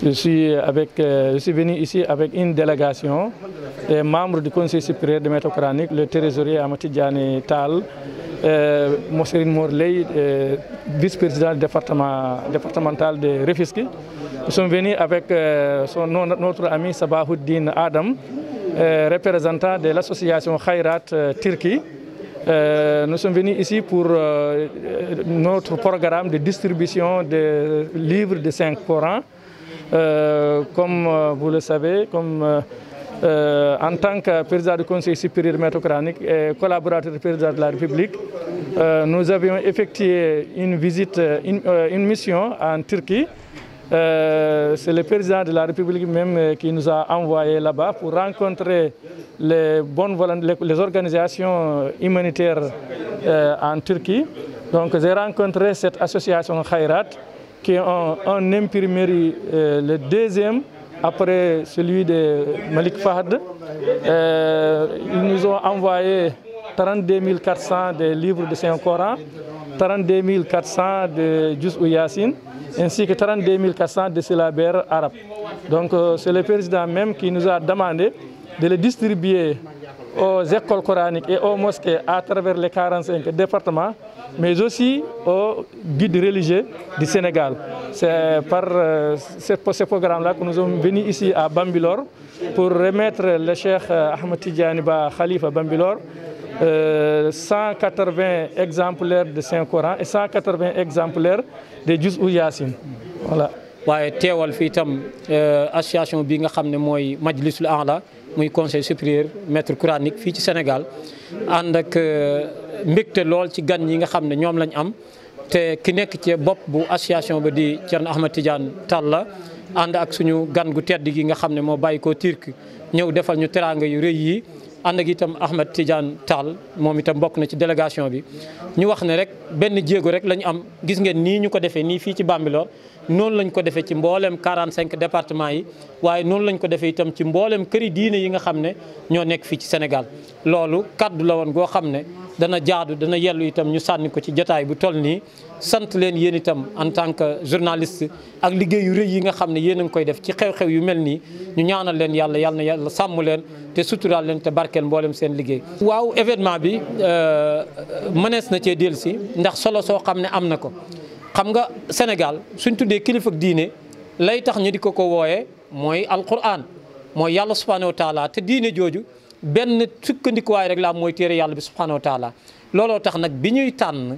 Je suis, avec, euh, je suis venu ici avec une délégation des membres du Conseil supérieur de métro le trésorier Amatidjani Tal, euh, Morley, euh, vice-président département, départemental de Refiski. Nous sommes venus avec euh, son, notre ami Sabahuddin Adam, représentant de l'association Khairat Turquie. nous sommes venus ici pour notre programme de distribution de livres de cinq corans, euh, comme euh, vous le savez, comme, euh, en tant que président du Conseil supérieur métocranique et collaborateur du président de la République, nous avions effectué une visite, une, mission en Turquie. C'est le président de la République même qui nous a envoyés là-bas pour rencontrer les, bonnes, les, les organisations humanitaires en Turquie. Donc j'ai rencontré cette association Khairat qui est en, imprimerie euh, le deuxième après celui de Malik Fahd. Euh, ils nous ont envoyé 32 400 des livres de Saint-Coran, 32 400 de Jus ou ainsi que 32 400 de syllabaires arabes. Donc euh, c'est le président même qui nous a demandé de les distribuer aux écoles coraniques et aux mosquées à travers les 45 départements, mais aussi aux guides religieux du Sénégal. C'est par euh, ce programme-là que nous sommes venus ici à Bambilor pour remettre le chef euh, Ahmed Tidjaniba Khalifa Bambilor 180 euh, exemplaires de Saint-Coran et 180 exemplaires de jus ou Yassine. Voilà. waaye teewal fi itam euh, association bi nga xam ne mooy majlisul la muy conseil supérieur maître coranique fii ci Sénégal ànd ak euh, mbégte lool ci gan ñi nga xam ne ñoom lañ am te ki nekk ci bopp bu association ba di Thierno Ahmed Tidiane Talla ànd ak suñu gan gu tedd gi nga xam ne moo bàyyi koo Turquie ñëw defal ñu teraanga yu rëy yi ànd ak itam Ahmed Tidiane taal moom itam bokk na ci délégation bi ñu wax ne rek benn jéego rek la ñu am gis ngeen nii ñu ko defee nii fii ci Bambilor noonu lañ ko defee ci mbooleem 45 département yi waaye noonu lañ ko defee itam ci mbooleem këri diine yi nga xam ne ñoo nekk fii ci Sénégal loolu kaddu la woon goo xam ne dana jaadu dana yellu itam ñu sànni ko ci jotaay bu toll nii sant leen yéen itam en tant que journaliste ak liggéey yu rëy yi nga xam ne yéen a ngi koy def ci xew-xew yu mel nii ñu ñaanal leen yàlla yàlla na yàlla sàmm leen te suturaal leen te barkeel mboolem seen liggéey. waaw événement bi euh, mënees na cee dellu si ndax solo soo xam ne am na ko xam nga Sénégal suñ tuddee kilifa diine lay tax ñu di ko ko wooyee mooy alquran mooy yàlla subhaanahu wa te diine jooju. benn sukkandikuwaay rek laa mooy téere yàlla bi subhanahu wa looloo tax nag bi ñuy tànn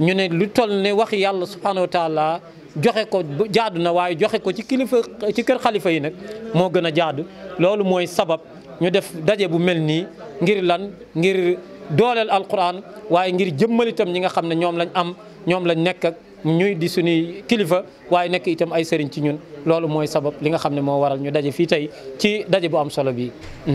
ñu ne lu toll ne wax yàlla subhanahu wa taala joxe ko jaadu na waaye joxe ko ci kilifa ci kër xalifa yi nag moo gën a jaadu loolu mooy sabab ñu def daje bu mel nii ngir lan ngir dooleel alquran waaye ngir jëmmal itam ñi nga xam ne ñoom lañ am ñoom lañ nekk ak ñuy di suñuy kilifa waaye nekk itam ay sëriñ ci ñun loolu mooy sabab li nga xam ne moo waral ñu daje fii tey ci daje bu am solo bii.